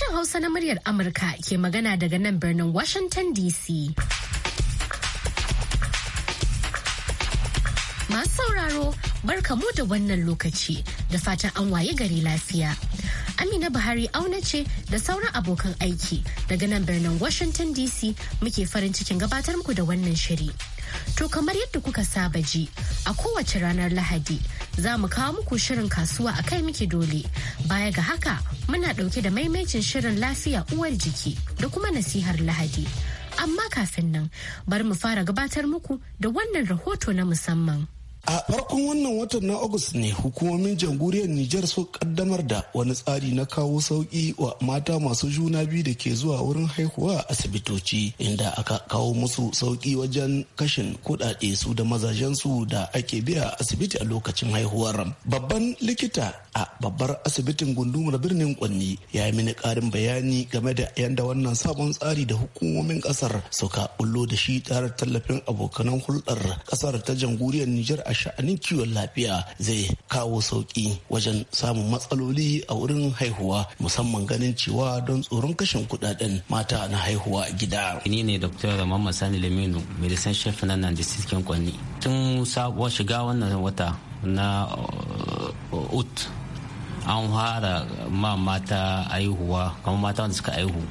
Sashen Hausa na muryar Amurka ke magana daga nan birnin Washington DC. Masu sauraro barka mu da wannan lokaci da fatan an waye gari lafiya. Amina Buhari auna ce da sauran abokan aiki daga nan birnin Washington DC muke farin cikin gabatar muku da wannan shiri. To kamar yadda kuka saba ji a kowace ranar Lahadi za mu kawo muku shirin kasuwa a kai muke dole. Baya ga haka muna ɗauke da maimacin shirin lafiya uwar jiki da kuma nasihar lahadi. Amma kafin nan bari mu fara gabatar muku da wannan rahoto na musamman. A farkon wannan watan na August ne hukumomin jamhuriyar Nijar su kaddamar da wani tsari na kawo sauki wa mata masu juna biyu da ke zuwa wurin haihuwa a asibitoci inda aka kawo musu sauki wajen kashin kuɗaɗe su da mazajensu da ake biya asibiti a lokacin haihuwar. Babban likita a babbar asibitin gundumar birnin Kwanni ya yi mini karin bayani game da yadda wannan sabon tsari da hukumomin ƙasar suka bullo da shi tare tallafin abokanan hulɗar ƙasar ta jamhuriyar Nijar a sha'anin kiwon lafiya zai kawo sauki wajen samun matsaloli a wurin haihuwa musamman ganin cewa don tsoron kashin kudaden mata na haihuwa a gida. Ni ne Dr. Mamman Sani Laminu, Medicine Chef na Nandi Sitkin Kwanni. Tun sabuwar shiga wannan wata na uh, ut an fara ma mata aihuwa kamar mata wanda suka haihu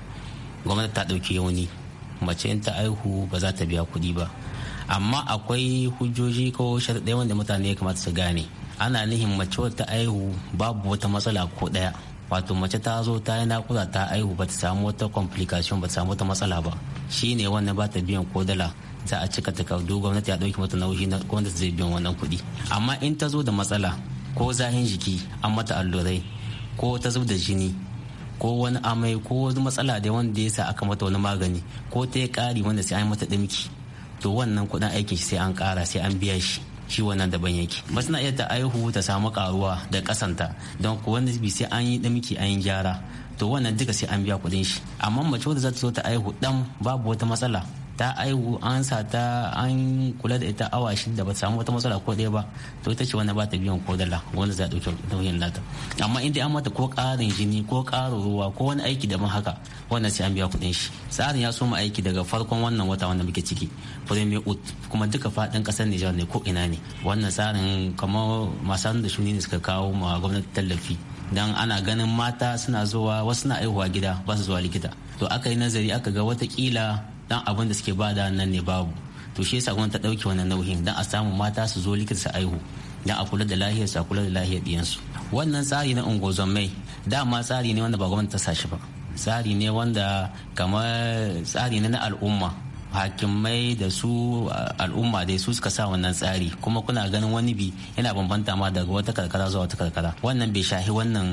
gwamnati ta ɗauki yauni mace in ta haihu ba za ta biya kuɗi ba amma akwai hujjoji ko sharaɗai wanda mutane ya kamata su gane ana nihin mace wata aihu babu wata matsala ko ɗaya wato mace ta zo ta yi nakuda ta aihu ba ta samu wata complication ba ta samu wata matsala ba shine wannan ba ta biyan ko dala za a cika takardu gwamnati a ɗauki mata nauyi na gwamnati zai biyan wannan kuɗi amma in ta zo da matsala ko zahin jiki an mata allurai ko ta zub da jini ko wani amai ko wani matsala da wanda ya sa aka mata wani magani ko ta ya ƙari wanda sai an mata ɗinki. to wannan kudin aikin shi sai an kara sai an biya shi shi wannan daban yake masu na iya ta aihu ta samu karuwa da kasanta don ko wanda bi sai an yi damki an yi gyara to wannan duka sai an biya kudin shi amma mace wadda za ta zo ta aihu dan babu wata matsala ta aihu an sa ta an kula da ita awa shi da ba samu wata matsala ko ɗaya ba to ita ce wanda ba ta biyan ko dala wanda za a ɗauki nauyin nata amma in dai an mata ko ƙarin jini ko ƙarin ruwa ko wani aiki da daban haka wannan sai an biya kuɗin shi tsarin ya soma aiki daga farkon wannan wata wanda muke ciki premier ut kuma duka faɗin ƙasar Nijar ne ko ina ne wannan tsarin kamar masu da shuni ne suka kawo ma gwamnati tallafi dan ana ganin mata suna zuwa wasu na aihuwa gida ba su zuwa likita to aka yi nazari aka ga watakila dan abin da suke bada nan ne babu to shi yasa gwamnati ta dauke wannan nauyin dan a samu mata su zo likita su aihu dan a kula da lahiyar su a kula da lahiyar diyansu wannan tsari na da dama tsari ne wanda ba gwamnati ta sashi ba tsari ne wanda kamar tsari ne na al'umma hakimai da su al'umma dai su suka sa wannan tsari kuma kuna ganin wani bi yana bambanta ma daga wata karkara zuwa wata karkara wannan bai shahi wannan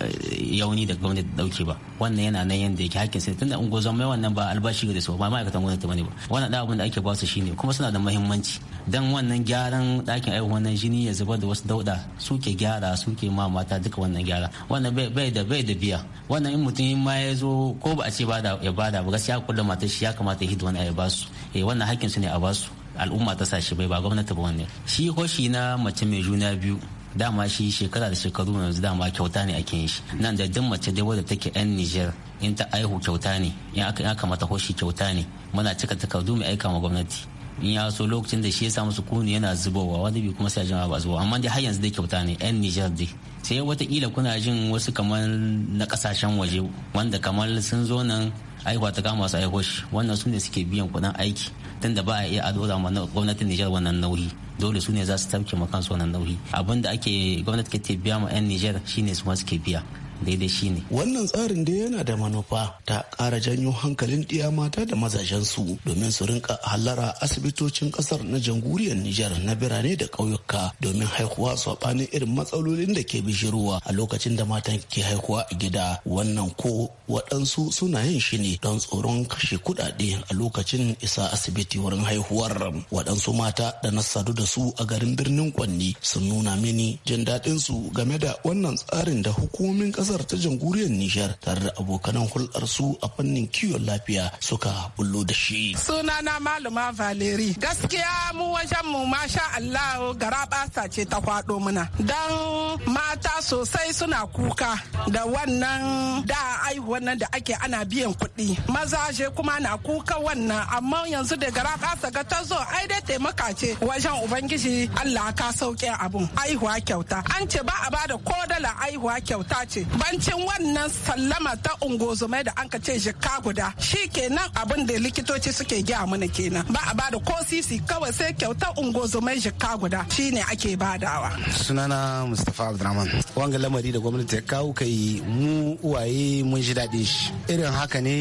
eh, yauni da gwamnati da dauke ba wannan yana nan yanda yake hakkin sai tunda ungozon mai wannan ba albashi da su ba ma'aikatan gwamnati bane ba wannan da abin da ake ba su shine kuma suna da muhimmanci dan wannan gyaran dakin aiwa wannan jini ya zubar da wasu dauda suke gyara suke ma mata duka wannan gyara wannan bai da bai da biya wannan in mutum ma ya zo ko ba a ce ba da ya bada ba gaskiya kullum matar shi ya kamata ya hidda wani ya su eh wannan hakkin su ne a basu al'umma ta sashi bai ba gwamnati ba wanne shi hoshi na mace mai juna biyu dama shi shekara da shekaru yanzu dama kyauta ne ake yin shi nan da duk mace dai wadda take yan Nijar in ta aihu kyauta ne in aka aka mata hoshi kyauta ne muna cika takardu mai aika ma gwamnati in ya so lokacin da shi ya samu sukuni yana zubowa wanda bi kuma sai jama'a ba zubowa amma dai har yanzu dai kyauta ne yan Nijar dai sai watakila kuna jin wasu kamar na kasashen waje wanda kamar sun zo nan aikwa ta kama su aiho shi wannan su ne suke biyan kuɗin aiki tun da ba a iya adora ma gwamnatin Nijar wannan nauyi dole su ne za su tafke ma kansu wannan nauyi abin da ake gwamnati ke biya ma 'yan Nijar shine su ma suke biya daidai ne. wannan tsarin dai yana da manufa ta ƙara janyo hankalin ɗiya mata da mazajen su domin su rinka halara asibitocin ƙasar na jamhuriyar Nijar na birane da ƙauyuka domin haihuwa su saɓanin irin matsalolin da ke bishiruwa a lokacin da matan ke haihuwa a gida wannan ko waɗansu suna yin shi ne don tsoron kashe kuɗaɗe a lokacin isa asibiti wurin haihuwar waɗansu mata da na sadu da su a garin birnin Kwanni sun nuna mini jin daɗinsu game da wannan tsarin da hukumomin ƙasar kasar ta jamhuriyar Nijar tare da abokanan hulɗar su a fannin kiwon lafiya suka bullo da shi. Sunana Malama Valeri. Gaskiya mu wajen mu masha Allah gara basa ce ta kwado muna. Dan mata sosai suna kuka da wannan da aihuwan nan da ake ana biyan kuɗi. Mazaje kuma na kuka wannan amma yanzu da gara basa ga ta zo ai dai taimaka ce wajen Ubangiji Allah ka sauke abun aihuwa kyauta. An ce ba a bada ko dala aihuwa kyauta ce. bancin wannan sallama ta ungozume da an ka ce jika guda shi kenan abin da likitoci suke gya mana kenan ba a bada ko sisi kawai sai kyauta ungozume jika guda ne ake badawa sunana mustapha abdurrahman wanga lamari da gwamnati ya kawo kai mu uwaye mun ji daɗin shi irin haka ne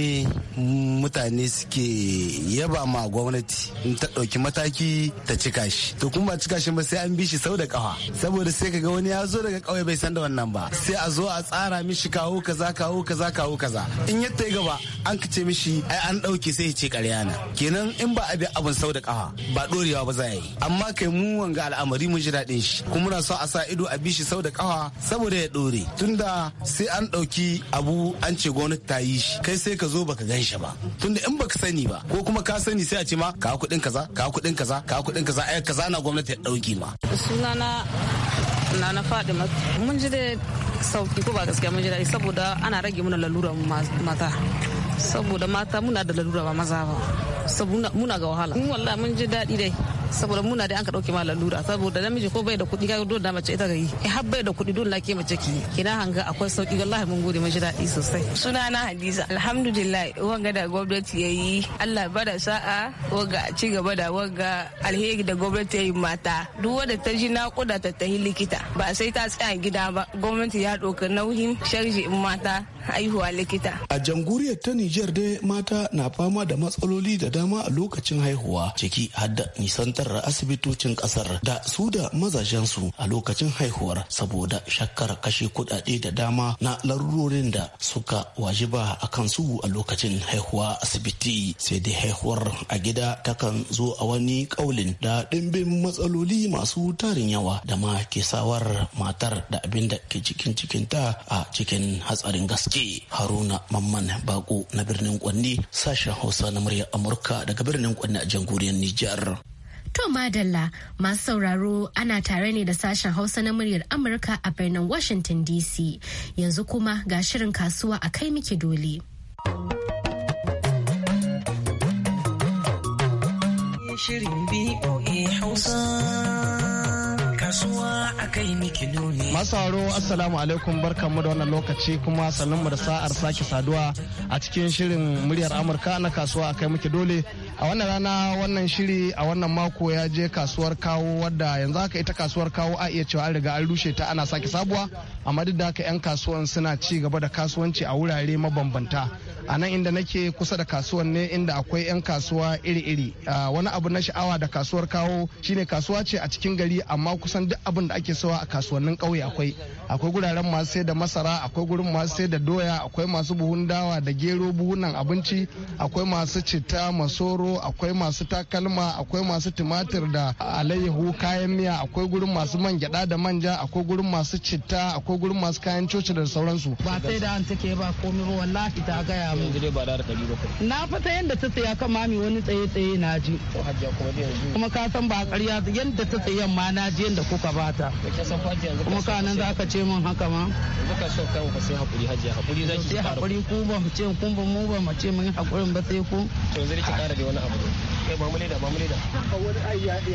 mutane suke yaba ma gwamnati in ta ɗauki mataki ta cika shi to kuma ba cika shi ba sai an bi shi sau da kafa saboda sai kaga wani ya zo daga kauye bai san da wannan ba sai a zo a tsara kara mishi kawo kaza kawo kaza kawo kaza in yadda ya gaba an kace mishi ai an dauke sai ya ce ƙarya na kenan in ba a bi abin sau da kafa ba dorewa ba za a yi amma kai mu wanga al'amari mun ji daɗin shi kuma muna so a sa ido a bi shi sau da kafa saboda ya dore tunda sai an dauki abu an ce gwamnati ta yi shi kai sai ka zo baka gan shi ba tunda in baka sani ba ko kuma ka sani sai a ce ma ka kuɗin kaza ka kuɗin kaza ka kuɗin kaza ai kaza na gwamnati ya dauki ma sunana na na faɗi mun ji da sauki ko ba gaskiya mun ji daɗi saboda ana rage muna lalura mata saboda mata muna da lalura ba maza ba saboda muna ga wahala mun wallahi mun ji daɗi dai saboda muna da an ka dauke ma lura saboda namiji ko bai da kuɗi kai dole da mace ita gayi yi e, har bai da kuɗi dole ke mace ki kina hanga akwai sauki wallahi mun gode mun ji dadi sosai sunana Hadiza alhamdulillah wanga da gwamnati yayi Allah bada sa'a wanga ci gaba da wanga alheri da gwamnati yayi mata duk wanda ta ji nakuda ta tahi likita ba sai ta tsaya gida ba gwamnati ya doka nauyin sharji in mata haihuwa likita. A jamhuriyar ta Nijar dai mata na fama da matsaloli da dama a lokacin haihuwa ciki har da nisantar asibitocin kasar da su da mazajensu a lokacin haihuwar saboda shakkar kashe kudade da dama na larurorin da suka wajiba a kansu a lokacin haihuwa asibiti sai dai haihuwar a gida takan zo a wani kaulin da ɗimbin matsaloli masu tarin yawa da ma ke sawar matar da abin da ke cikin cikinta a cikin hatsarin gaske. take haruna mamman bako na birnin kwanni sashen hausa na murya amurka daga birnin kwanni a jamhuriyar nijar To madalla masu sauraro ana tare ne da sashen hausa na muryar amurka a birnin washington dc yanzu kuma ga shirin kasuwa a kai miki dole. shirin BOA Hausa. kasuwa a kai miki nuni. Masu assalamu alaikum mu da wannan lokaci kuma mu da sa'ar sake saduwa a cikin shirin muryar Amurka na kasuwa a kai miki dole. A wannan rana wannan shiri a wannan mako ya je kasuwar kawo wadda yanzu haka ita kasuwar kawo a iya cewa an riga an rushe ta ana sake sabuwa amma duk da haka 'yan kasuwan suna ci gaba da kasuwanci a wurare mabambanta. A nan inda nake kusa da kasuwan ne inda akwai 'yan kasuwa iri-iri. Ah, wani abu na sha'awa da kasuwar kawo shine kasuwa ce a cikin gari amma kusan duk abin da ake sawa a kasuwannin ƙauye akwai akwai guraren masu sai da masara akwai gurin masu sai da doya akwai masu buhun dawa da gero buhunan abinci akwai masu citta masoro akwai masu takalma akwai masu tumatir da alayyahu kayan miya akwai gurin masu man gyada da manja akwai gurin masu citta akwai gurin masu kayan coci da sauransu ba sai da an take ba komai ba wallahi ta gaya ba na fata yadda ta tsaya kan mami wani tsaye tsaye na ji kuma ka san ba ƙarya yadda ta tsaye ma na ji yadda ko kuka bata kuma nan za ka ce min haka ma yanzu ka so ka ba sai hakuri hajiya hakuri za ki hakuri ku ba mu ce kun ba mu ba mu ce mun hakurin ba sai ku to yanzu ki kara da wani abu kai eh, ba mu leda ba mu leda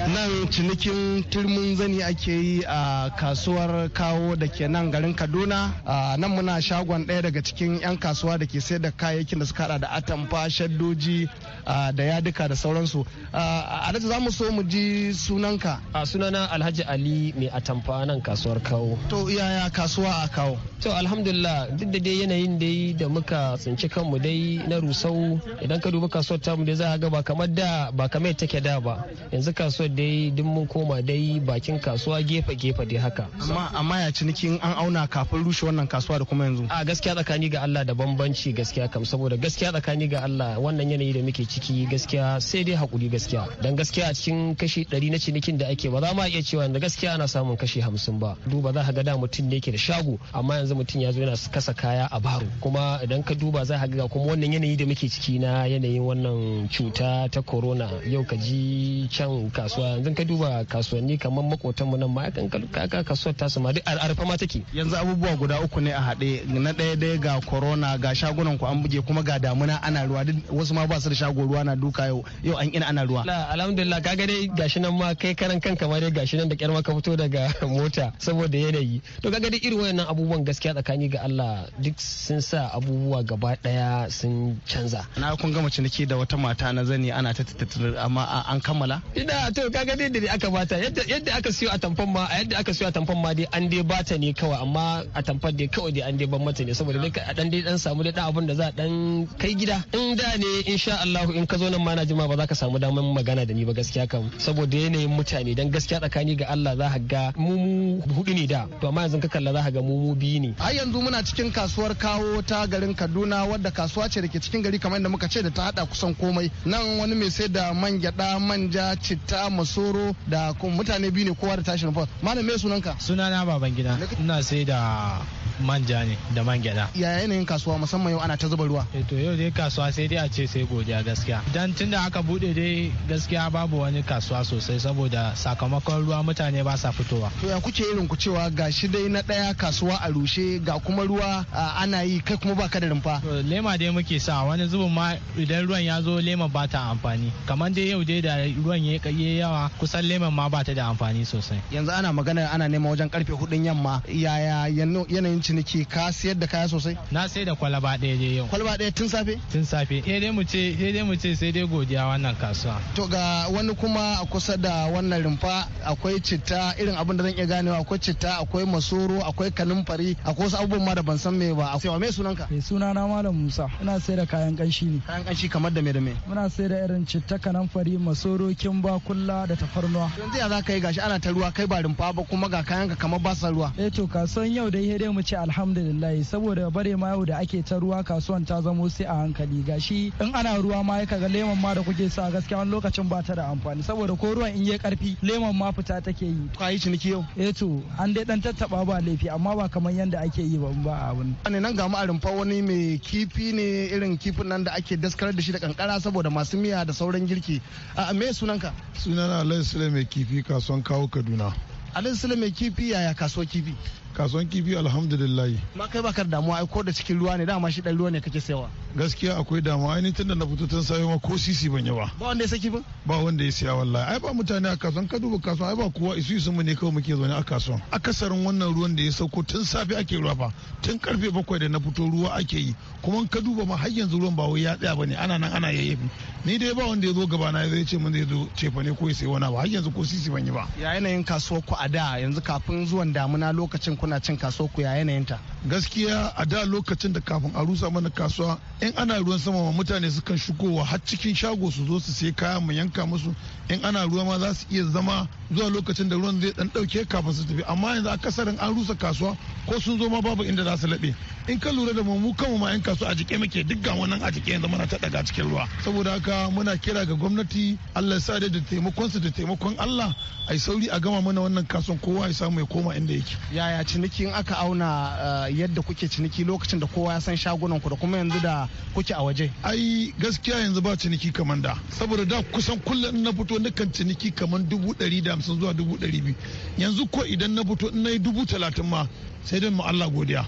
nan cinikin turmin zani ake yi a kasuwar kawo da ke nan garin Kaduna nan muna shagon ɗaya daga cikin 'yan kasuwa da ke sayar da kayayyakin da suka hada da atamfa shaddoji da yaduka da sauransu a za mu so mu ji sunanka sunana alhaji ali ali mai atamfa nan kasuwar kawo to yaya kasuwa a kawo to alhamdulillah duk da dai yanayin dai da muka tsinci kanmu dai na rusau idan ka duba kasuwar ta mu dai za a ga ba kamar da ba kamar ke da ba yanzu kasuwar dai duk mun koma dai bakin kasuwa gefe gefe dai haka amma amma ya cinikin an auna kafin rushe wannan kasuwa da kuma yanzu a gaskiya tsakani ga Allah da bambanci gaskiya kam saboda gaskiya tsakani ga Allah wannan yanayi da muke ciki gaskiya sai dai hakuri gaskiya dan gaskiya a cikin kashi 100 na cinikin da ake ba za mu iya cewa da gaskiya gaskiya ana samun kashi hamsin ba duba za ka ga da mutum ne ke da shago amma yanzu mutum ya zo yana kasa kaya a baro kuma idan ka duba za ka ga kuma wannan yanayi da muke ciki na yanayin wannan cuta ta corona yau ka ji can kasuwa yanzu ka duba kasuwanni kamar makotan mu nan ma kan kaka kasuwar tasu ma duk arfa ma take yanzu abubuwa guda uku ne a haɗe na ɗaya ɗaya ga corona ga shagunan ku an buge kuma ga damuna ana ruwa duk wasu ma ba su da shago ruwa na duka yau yau an ina ana ruwa alhamdulillah ga dai gashi nan ma kai karan kanka ma dai gashi nan da kyar maka fito daga mota saboda yanayi to kaga duk irin wayannan abubuwan gaskiya tsakani ga Allah duk sun sa abubuwa gaba daya sun canza na kun gama ciniki da wata mata na zani ana ta tattatar amma an kammala ina to kaga dai da aka bata yadda yadda aka siyo a tamfan ma a yadda aka siyo a tamfan ma dai an dai bata ne kawai amma a tamfan dai kawai dai an dai ban mata ne saboda dai a dan dai dan samu dai dan abin da za dan kai gida in da ne insha Allah in ka zo nan ma na jima ba za ka samu damar magana da ni ba gaskiya kam saboda yanayin mutane dan gaskiya tsakani ga Allah za ka ga mumu hudu ne da to amma yanzu ka kalla za ka ga mumu biyu ne a yanzu muna cikin kasuwar kawo ta garin Kaduna wadda kasuwa ce da ke cikin gari kamar da muka ce da ta hada kusan komai nan wani mai sai da man gyada manja citta masoro da mutane biyu ne kowa da tashin fas malam me sunanka sunana baban gida ina sai da manja ne da man gyada ya yanayin kasuwa musamman yau ana ta zuba ruwa eh to yau dai kasuwa sai dai a ce sai godiya gaskiya dan tunda aka bude dai gaskiya babu wani kasuwa sosai saboda sakamakon ruwa mutane ba sa fitowa to ya kuke irin ku cewa ga shi dai na daya kasuwa a rushe ga kuma ruwa ana yi kai kuma baka da rumfa lema dai muke sa wani zubin ma idan ruwan ya zo lema ba ta amfani kamar dai yau dai da ruwan ya yi yawa kusan leman ma ba ta da amfani sosai yanzu ana magana ana neman wajen karfe hudun yamma yaya yanayin ciniki ka sayar da kaya sosai na sayar da kwalaba ɗaya dai yau kwalaba ɗaya tun safe tun safe sai eh, dai mu ce sai eh, dai mu ce sai dai godiya wannan kasuwa to ga wani kuma a kusa da wannan rumfa akwai citta citta irin abin da zan iya ganewa akwai citta akwai masoro akwai kanumfari akwai wasu abubuwan ma da ban san me ba a wa me sunan ka suna na malam Musa ina sai da kayan kanshi ne kayan kanshi kamar da me da me muna sai da irin citta kanumfari masoro kimba kulla da tafarnuwa yanzu ya za ka yi gashi ana ta ruwa kai ba rumfa ba kuma ga kayan ka kamar ba sa ruwa eh to kasuwan yau dai dai mu ce alhamdulillah saboda bare ma yau da ake ta ruwa kasuwan ta zamo sai a hankali gashi in ana ruwa ma ya kaga lemon ma da kuke sa gaskiya wani lokacin ba ta da amfani saboda ko ruwan in yi karfi lemon ma fita take yi kwayi ciniki yau eh to an dai dan tattaba ba laifi amma ba kamar yanda ake yi ba ba abin ne nan ga mu a rumfa wani mai kifi ne irin kifin nan da ake daskarar da shi da kankara saboda masu miya da sauran girki a me sunanka sunana Alhaji Sule mai kifi kasuwan kawo Kaduna Alhaji Sule mai kifi yaya kasuwar kifi kasuwan kifi alhamdulillah ma kai bakar damuwa ai ko da cikin ruwa ne dama shi dan ruwa ne kake sayawa gaskiya akwai damuwa ai tun da na fito tun safe ma ko sisi ban yi ba ba wanda ya saki ba ba wanda ya siya wallahi ai ba mutane a kasuwan ka duba kasuwan ai ba kowa isu isu mu ne kawai muke zaune a kasuwan akasarin wannan ruwan da ya sauko tun safe ake ruwa fa tun karfe bakwai da na fito ruwa ake yi kuma ka duba ma har yanzu ruwan ba wai ya tsaya bane ana nan ana yayyafi ni dai ba wanda ya zo gaba na zai ce mun zai zo cefa ne ko ya sayi wani ba har yanzu ko sisi ban yi ba ya yanayin kasuwa ku a da yanzu kafin zuwan damuna lokacin kuna cin kasuwa ku ya ta. gaskiya a da lokacin da kafin a rusa mana kasuwa in ana ruwan sama ma mutane sukan shigowa har cikin shago su zo su sai kaya mu yanka musu in ana ruwa ma za su iya zama zuwa lokacin da ruwan zai dan dauke kafin su tafi amma yanzu akasarin an rusa kasuwa ko sun zo ma babu inda za su laɓe in ka lura da mu mu kanmu ma 'yan kasuwa a jike muke duk ga wannan a jike yanzu muna ta daga cikin ruwa saboda haka muna kira ga gwamnati Allah ya sa da taimakon su da taimakon Allah ai sauri a gama mana wannan kasuwan kowa ya samu ya koma inda yake yaya ciniki in aka auna eh, yadda kuke ciniki lokacin da kowa ya san shagunan ku da kuma yanzu da kuke a waje ai gaskiya yanzu ba ciniki kaman da saboda da kusan kullum na fito nukan ciniki kaman dubu ɗari da hamsin zuwa dubu ɗari biyu yanzu ko idan na fito in na yi dubu talatin ma sai dai mu Allah godiya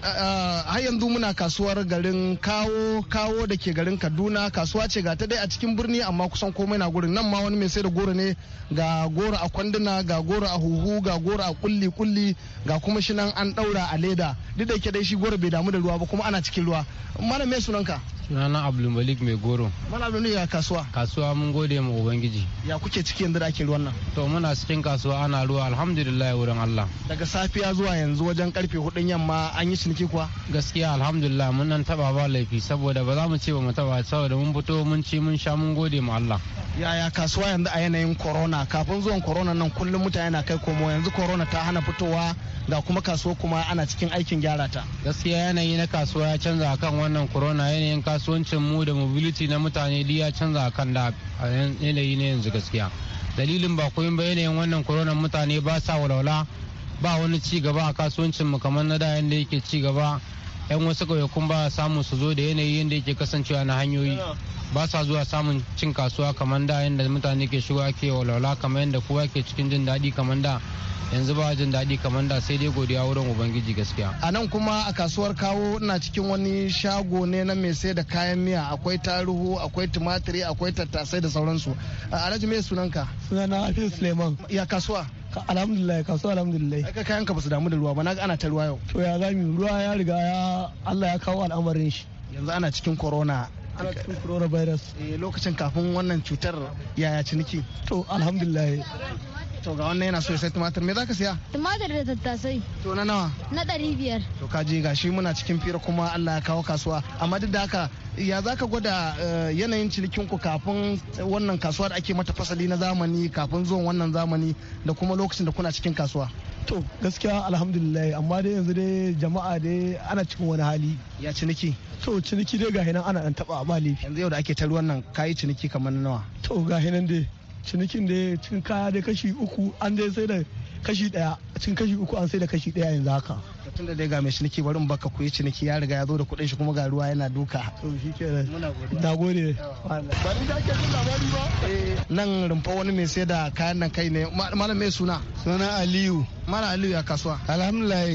har yanzu muna kasuwar garin kawo kawo da ke garin Kaduna kasuwa ce ga ta dai a cikin birni amma kusan komai na gurin nan ma wani mai sai da goro ne ga goro a kwanduna ga goro a huhu ga goro a kulli kulli ga kuma shi nan an daura a leda duk da ke dai shi goro bai damu da ruwa ba kuma ana cikin ruwa malam me sunanka sunana abdulmalik mai goro mana ne ya kasuwa kasuwa mun gode ma ubangiji ya kuke ciki yanzu da ake ruwan nan to muna cikin kasuwa ana ruwa alhamdulillah wurin allah daga safiya zuwa yanzu wajen karfe hudun yamma an yi ciniki kuwa gaskiya alhamdulillah mun nan taba ba laifi saboda ba za mu ce ba mu taba saboda mun fito mun ci mun sha mun gode ma allah yaya kasuwa yanzu a yanayin corona kafin zuwan corona nan kullum mutane na kai komo yanzu corona ta hana fitowa ga kuma kasuwa kuma ana cikin aikin gyara ta gaskiya yanayi na kasuwa ya canza akan wannan corona yanayin kasuwa kasuwancin mu da mobility na mutane duk ya canza a kan da yanayi ne yanzu gaskiya dalilin ba koyin ba yanayin wannan corona mutane ba sa walwala ba wani ci gaba a kasuwancin mu kamar na da yanda yake ci gaba yan wasu ƙauyakun ba samu su zo da yanayi yanda yake kasancewa na hanyoyi ba sa zuwa samun cin kasuwa kamar da yanda mutane ke shigo ake walwala kamar yanda kowa ke cikin jin daɗi kamar da yanzu ba jin daɗi kamar da sai dai godiya wurin ubangiji gaskiya a nan kuma a kasuwar kawo ina cikin wani shago ne na mai sai da kayan miya akwai taruhu akwai tumatiri akwai tattasai da sauransu alhaji me sunanka sunana hafiz suleiman ya kasuwa alhamdulillah kasuwa alhamdulillah ka kayan ka basu damu da ruwa ba na ga ana ta ruwa yau to ya zami ruwa ya riga ya Allah ya kawo al'amarin shi yanzu ana cikin corona ana cikin coronavirus eh, lokacin kafin wannan cutar yaya ciniki to alhamdulillah to ga wannan yana so ya sai tumatir me zaka siya tumatir da tattasai to na nawa na ɗari biyar to ka je gashi muna cikin fira kuma Allah ya kawo kasuwa amma duk da haka ya za ka gwada eh, yanayin cinikinku kafin wannan kasuwa da ake mata fasali na zamani kafin zuwan wannan zamani da kuma lokacin da kuna cikin kasuwa to gaskiya alhamdulillah amma dai yanzu dai jama'a dai ana cikin wani hali ya ciniki to ciniki dai ga ana dan taba ba laifi yanzu yau da ake ta ruwan nan kayi ciniki kamar nawa to ga hinan dai cinikin da cikin kaya da kashi uku an dai sai da kashi daya cikin kashi uku an sai da kashi daya yanzu haka tun da dai ga mai ciniki barin baka kuyi ciniki ya riga ya zo da kuɗin shi kuma ga ruwa yana duka to shi ke da gode ba da ke jin labari ba eh, nan rumfa wani mai sai da kayan nan kai ne malam mai suna suna aliyu mara aliyu ya kasuwa alhamdulillah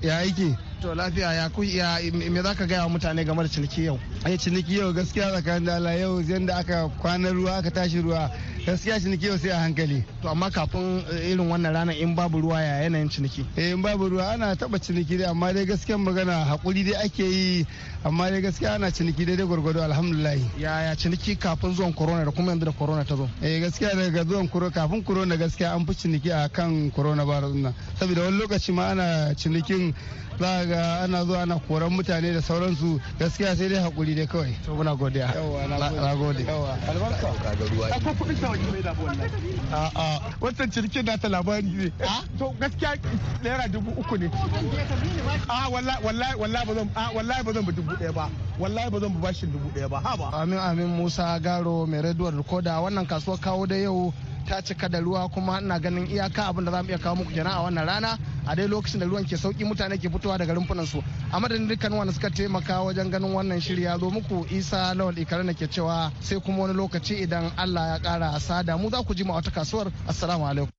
ya yake To lafiya ya ku ya me za ka gaya mutane game da ciniki yau? Ai eh, ciniki yau gaskiya tsakanin da Allah yau yanda aka kwana ruwa aka tashi ruwa gaskiya ciniki yau sai a hankali. To amma kafin eh, irin wannan rana in babu ruwa ya yanayin ciniki? Eh in babu ruwa ana taba ciniki dai amma dai gaskiyan magana hakuri dai ake yi amma dai gaskiya ana ciniki dai dai gwargwado alhamdulillah. ya ya ciniki kafin zuwan corona da kuma yanzu da corona ta zo? Eh gaskiya daga zuwan corona kafin corona gaskiya an fi ciniki akan corona ba nan. Saboda wani lokaci ma ana cinikin za ga ana zuwa ana koran mutane da sauransu gaskiya sai dai hakuri ne kawai to muna godiya na gode albarka ga ko cirkin da ta labari ne to gaskiya naira dubu uku ne wallahi ba zan ba bi dubu daya ba wallahi ba zan bi bashin dubu daya ba ha ba amin amin Musa Garo mai raduwar koda wannan kasuwar kawo da yau ta cika da ruwa kuma ina ganin iyaka abin da za mu iya kawo muku kenan a wannan rana a dai lokacin da ruwan ke sauki mutane ke fitowa daga rumfunan su a madadin dukkan wanda suka taimaka wajen ganin wannan shirya ya zo muku isa lawal ikare na ke cewa sai kuma wani lokaci idan allah ya kara sada mu za ku ji ma wata kasuwar assalamu alaikum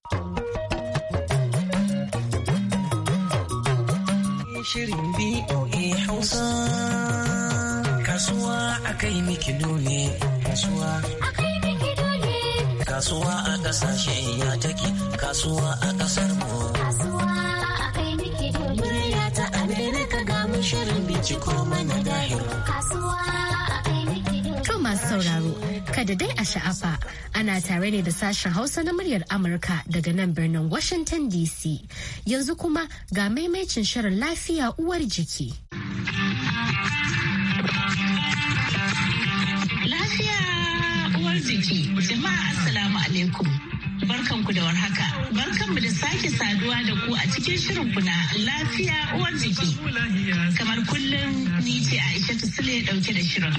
shirin BOA Hausa kasuwa akai miki dole kasuwa akai kasuwa a kasashen ya take kasuwa a kasar mu kasuwa a kai nake ya ta amerika ga mu shirin binciko mana dahiro kasuwa a kai nake to masu sauraro kada dai a sha'afa ana tare ne da sashen hausa na muryar amurka daga nan birnin washington dc yanzu kuma ga maimaicin shirin lafiya uwar jiki ciki. Jama'a Assalamu alaikum. Barkanku da warhaka. Barkanmu da sake saduwa da ku a cikin shirin kuna lafiya uwar jiki. Kamar kullum ni ce Aisha Sule dauke da shirin.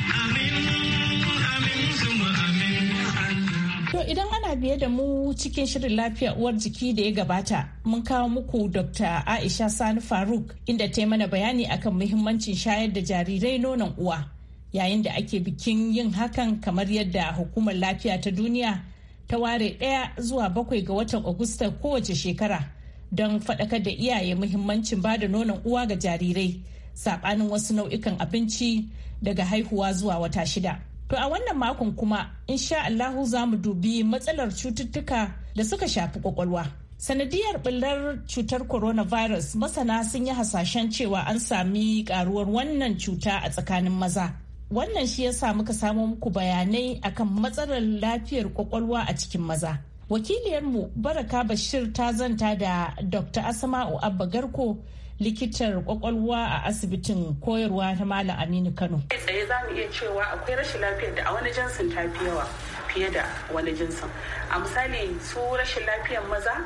To idan ana biye da mu cikin shirin lafiya uwar jiki da ya gabata, mun kawo muku Dr. Aisha Sani Faruk inda ta yi mana bayani akan muhimmancin shayar da jarirai nonon uwa. yayin da ake bikin yin hakan kamar yadda hukumar lafiya ta duniya ta ware ɗaya zuwa bakwai ga watan agusta kowace shekara don faɗakar da iyaye muhimmancin ba da nonon uwa ga jarirai saɓanin wasu nau'ikan abinci daga haihuwa zuwa wata shida. To a wannan makon kuma insha Allahu za mu dubi matsalar cututtuka da suka shafi kwakwalwa. Sanadiyar ɓillar cutar coronavirus masana sun yi hasashen cewa an sami ƙaruwar wannan cuta a tsakanin maza. Wannan shi ya sa muka samu muku bayanai akan matsalar lafiyar kwakwalwa a cikin maza. Wakiliyarmu Baraka Bashir ta zanta da Dr. Asma'u Abba Garko likitar kwakwalwa a asibitin koyarwa ta Malam Aminu Kano. Kai tsaye za mu iya cewa akwai rashin lafiyar da a wani jinsin ta fi yawa fiye da wani jinsin. A misali su rashin lafiyar maza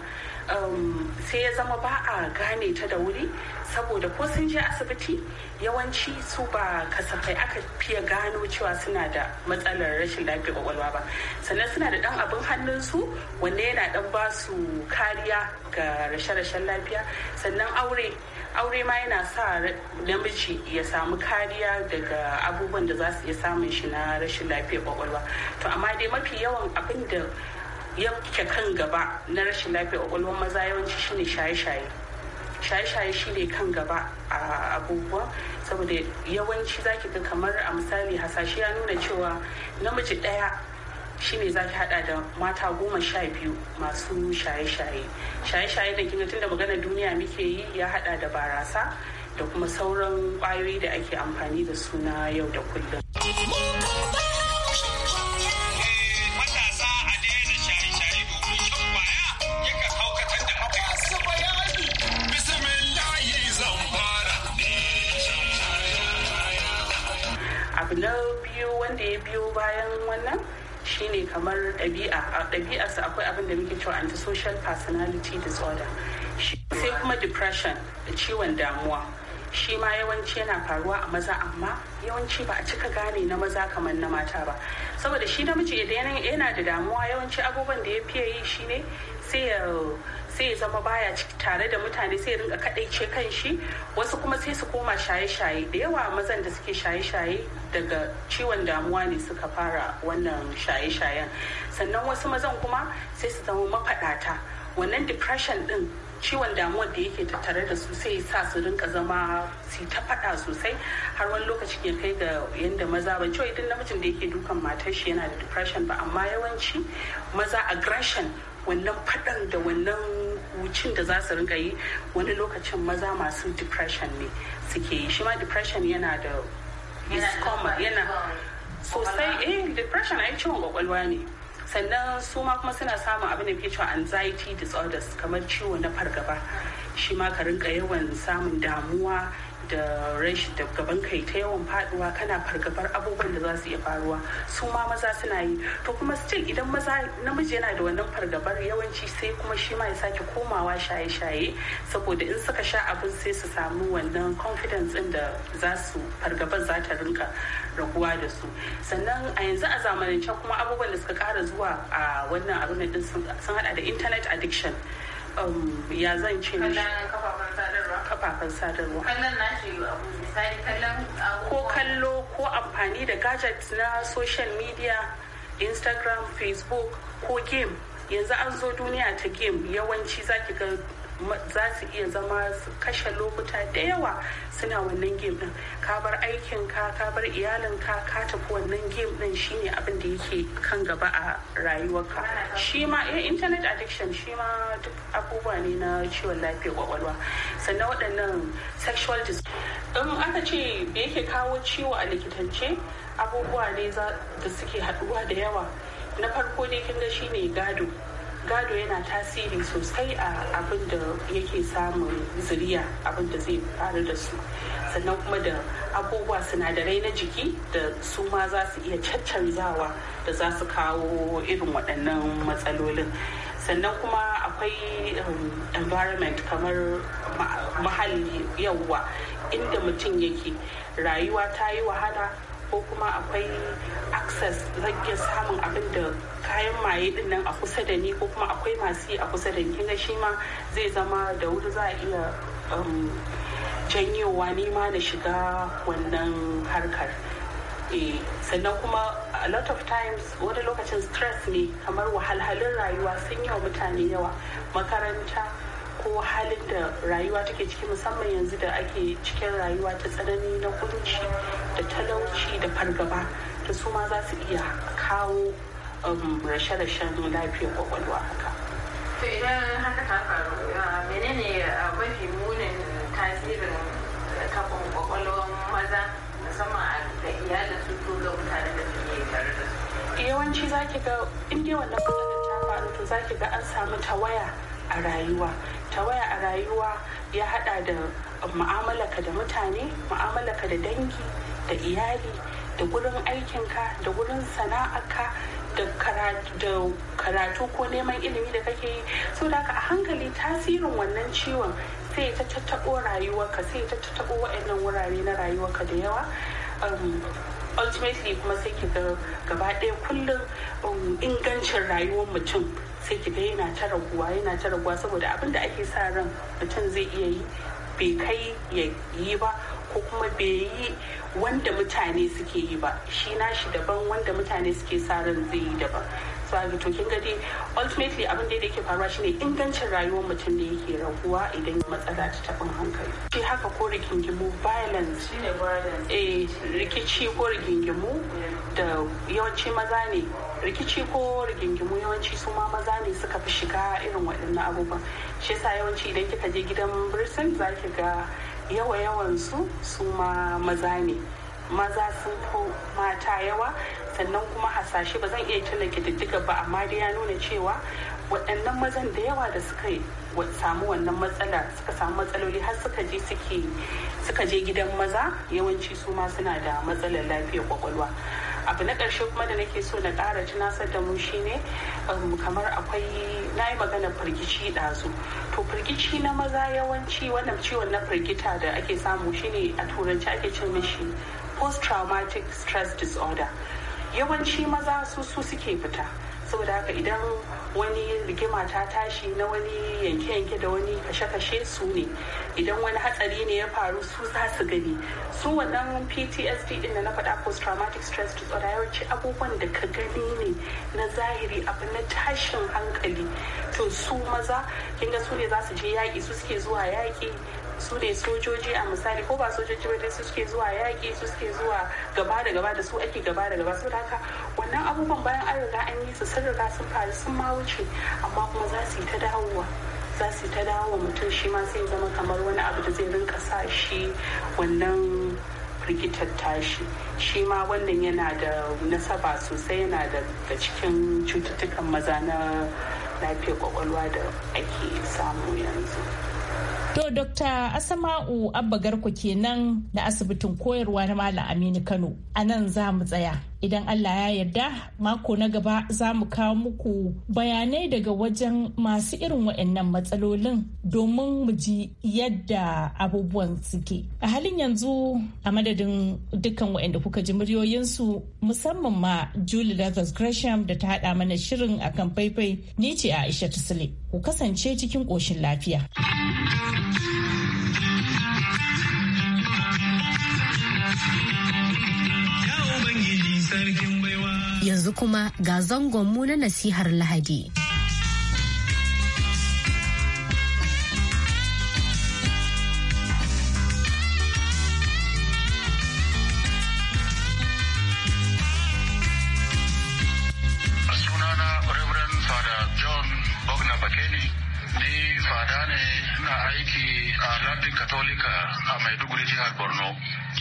Um, sai ya zama ba a gane ta da wuri saboda ko sun je asibiti yawanci su ba kasafai aka fiye gano cewa suna da matsalar rashin lafiya kwakwalwa ba sannan suna da dan abin hannunsu wanda yana dan ba su kariya ga rashe-rashen lafiya sannan aure aure ma yana sa namiji ya samu kariya daga abubuwan da za su iya samun shi na rashin lafiyar kwakwalwa to amma dai mafi yawan abin da ya fice kan gaba na rashin lafiyar kwakwalwar maza yawanci shine shaye-shaye shaye-shaye shine kan gaba a abubuwa saboda yawanci zaki ga kamar a misali hasashe ya nuna cewa namiji ɗaya shine zaki hada da mata goma sha biyu masu shaye-shaye shaye-shaye da kinga tunda magana duniya muke yi ya hada da barasa da kuma sauran kwayoyi da ake amfani da suna yau da kullum abu na biyu wanda ya biyo bayan wannan shine kamar ɗabi'a a ɗabi'arsa akwai abin da muke cewa social personality disorder sai kuma depression ciwon damuwa shi ma yawanci yana faruwa a maza amma yawanci ba a cika gane na maza kamar na mata ba saboda shi namiji idan yana da damuwa yawanci abubuwan da ya fiye yi shine sai ya sai ya zama baya tare da mutane sai ya rinka kadaice kan shi wasu kuma sai su koma shaye-shaye da yawa mazan da suke shaye-shaye daga ciwon damuwa ne suka fara wannan shaye-shayen sannan wasu mazan kuma sai su zama mafaɗata wannan depression din ciwon damuwa da yake tattare da su sai sa su rinka zama su ta faɗa sosai har wani lokaci ke kai ga yadda maza ban cewa idan namijin da yake dukan matar shi yana da depression ba amma yawanci maza aggression wannan faɗan da wannan wucin da za su rinka yi wani lokacin maza masu depression ne suke yi shi ma depression yana da yana sosai eh depression ai ciwon kwakwalwa ne sannan su ma kuma suna samun abin da ke cewa anxiety disorders kamar ciwo na fargaba shi ma ka rinka yawan samun damuwa da rashin da gaban kai ta yawan faduwa kana fargabar abubuwan da za su iya faruwa su ma maza suna yi to kuma still idan maza namiji yana da wannan fargabar yawanci sai kuma shi ma ya sake komawa shaye-shaye saboda in suka sha abin sai su samu wannan confidence din da za su fargabar za ta rinka raguwa da su sannan a yanzu a zamanance kuma abubuwan da suka kara zuwa a wannan abin din sun hada da internet addiction Um, ya zan ce mishi kafafen sadarwa um, um, ko kallo ko amfani da gadget na social media instagram facebook ko game yanzu an zo duniya ta game yawanci za ki ga za su iya zama su kashe lokuta da yawa suna wannan game din ka bar aikin ka ka bar iyalin ka ka tafi wannan game din shine abin da yake kan gaba a rayuwarka shi ma eh, internet addiction shi ma duk abubuwa ne na ciwon lafiya kwakwalwa sannan waɗannan sexual disease in aka ce da yake kawo ciwo a likitance abubuwa ne da suke haɗuwa da yawa na farko ne kin ga shine gado gado yana tasiri sosai a abin da yake samun zuriya abin da zai faru da su sannan kuma da abubuwa sinadarai na jiki da su ma za su iya caccanzawa da za su kawo irin waɗannan matsalolin sannan kuma akwai um, environment kamar mahalli yawa inda mutum yake rayuwa ta yi wahala ko kuma akwai access zan samun abin da kayan maye din nan a kusa da ni ko kuma akwai masu yi a kusa da ni shi ma zai zama da wuri za a iya um, janyowa nima na shiga wannan harkar eh, sannan kuma a lot of times wani lokacin stress ne kamar wahalhalun rayuwa sun yi wa mutane yawa makaranta ko halin da rayuwa take ciki musamman yanzu da ake cikin rayuwa ta tsanani na kunci da talauci da fargaba da su ma za su iya kawo um, rashe-rashen lafiyar kwakwalwa haka. to idan haka ta faru menene mafi munin tasirin kafin kwakwalwan maza musamman ga iyalin su to ga mutanen da suke tare da su. yawanci za ki ga inda wannan matsalar ta faru to za ki ga an samu tawaya a rayuwa tawaya a rayuwa ya hada da mu'amalaka da mutane mu'amalaka da dangi da iyali da gurin aikinka da gurin sana'aka da karatu ko neman ilimi da kake yi so da a hankali tasirin wannan ciwon sai ta tattaɓo rayuwarka sai ta tattaɓo waɗannan wurare na rayuwarka da yawa um, ultimately kuma sai ki ga gaba ɗaya kullum um, ingancin rayuwar mutum sai ki yana ta raguwa yana ta raguwa saboda abin da ake sa ran mutum zai iya yi bai kai ya yi ba ko kuma bai yi wanda mutane suke yi ba shi nashi daban wanda mutane suke sa ran zai yi daban misali to kin gadi ultimately abin da yake faruwa shine ingancin rayuwar mutum da yake raguwa idan matsala ta tabin hankali shi haka ko rigingimu violence shine violence eh rikici ko rigingimu da yawanci maza ne rikici ko rigingimu yawanci su ma maza ne suka fi shiga irin waɗannan abubuwa shi yasa yawanci idan kika je gidan birsin zaki ga yawa yawan su su ma maza ne maza sun fi mata yawa sannan kuma hasashe ba zan iya tuna kididdiga ba amma dai ya nuna cewa waɗannan mazan da yawa da suka samu wannan matsala suka samu matsaloli har suka je suke suka je gidan maza yawanci su ma suna da matsalar lafiyar kwakwalwa abu na ƙarshe kuma da nake so na ƙara nasar da mu shine um, kamar akwai na yi magana firgici ɗazu to firgici na maza yawanci wannan ciwon na firgita da ake samu shine a turanci ake ce mishi post traumatic stress disorder yawanci maza su su suke fita saboda haka idan wani rigima ta tashi na wani yanke-yanke da wani kashe-kashe su ne idan wani hatsari ne ya faru su za su gani su wannan ptsd din da na faɗa post traumatic stress disorder yawanci abubuwan da ka gani ne na zahiri abu na tashin hankali to su maza kinga su ne za su je yaƙi su suke zuwa yaƙi su ne sojoji a misali ko ba sojoji ba dai su suke zuwa yaƙi su suke zuwa gaba da gaba da su ake gaba da gaba saboda haka wannan abubuwan bayan an riga an yi su sun riga sun faru sun ma wuce amma kuma za su yi ta dawowa za su yi ta dawowa mutum shi ma sai zama kamar wani abu da zai rinka sa shi wannan rikitar tashi shi ma wannan yana da nasaba sosai yana da cikin cututtukan maza na lafiyar kwakwalwa da ake samu yanzu. To Dr. Asama'u Abba Garko kenan na asibitin koyarwa na Malam Aminu Kano. A nan za mu tsaya. idan Allah ya yarda mako na gaba za mu kawo muku bayanai daga wajen masu irin waɗannan matsalolin domin mu ji yadda abubuwan suke. A halin yanzu a madadin dukkan waɗanda kuka ji muryoyinsu musamman ma Julie Lathers Gresham da ta haɗa mana shirin akan faifai ni ce a Aisha Tusle. Ku kasance cikin ƙoshin lafiya. sarkin baiwa. Yanzu kuma ga zangonmu na nasihar Lahadi. fada ne na aiki a lardin katolika a maiduguri jihar borno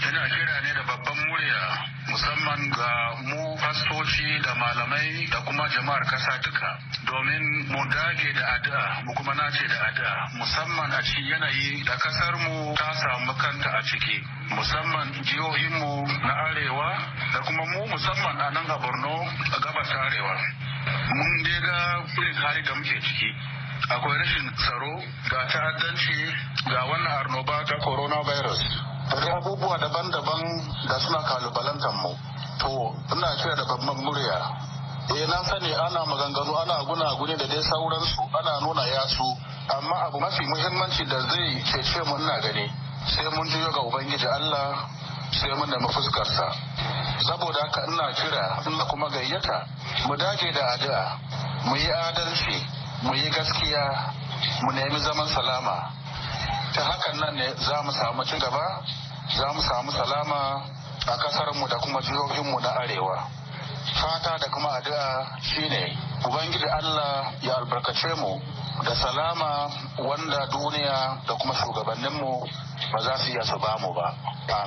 ina kira ne da babban murya musamman ga mu fastoci da malamai da kuma jama'ar kasa duka domin mu dage da addu'a mu kuma nace da addu'a musamman a cikin yanayi da kasar mu ta samu kanta a ciki musamman jihohinmu na arewa da kuma mu musamman a nan a borno a gabas arewa mun dai ga irin hali da muke ciki akwai rashin tsaro ga ta'addanci ga wannan arnoba ta coronavirus kaga abubuwa daban-daban da suna kalubalantar mu to ina kira da babban murya eh na sani ana maganganu ana guna-guni da dai sauransu ana nuna yasu amma abu mafi muhimmanci da zai cece mu ina gani sai mun juyo ga ubangiji allah sai mun da mafuskarsa saboda haka ina kira ina kuma gayyata mu dage da addu'a mu yi adalci mu yi gaskiya mu nemi zaman salama ta hakan nan ne za mu samu ci gaba za mu samu salama a kasarmu da kuma jihohinmu na arewa fata da kuma addu'a shine ubangiji allah ya albarkace mu da salama wanda duniya da kuma shugabanninmu ba za su iya su mu ba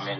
amin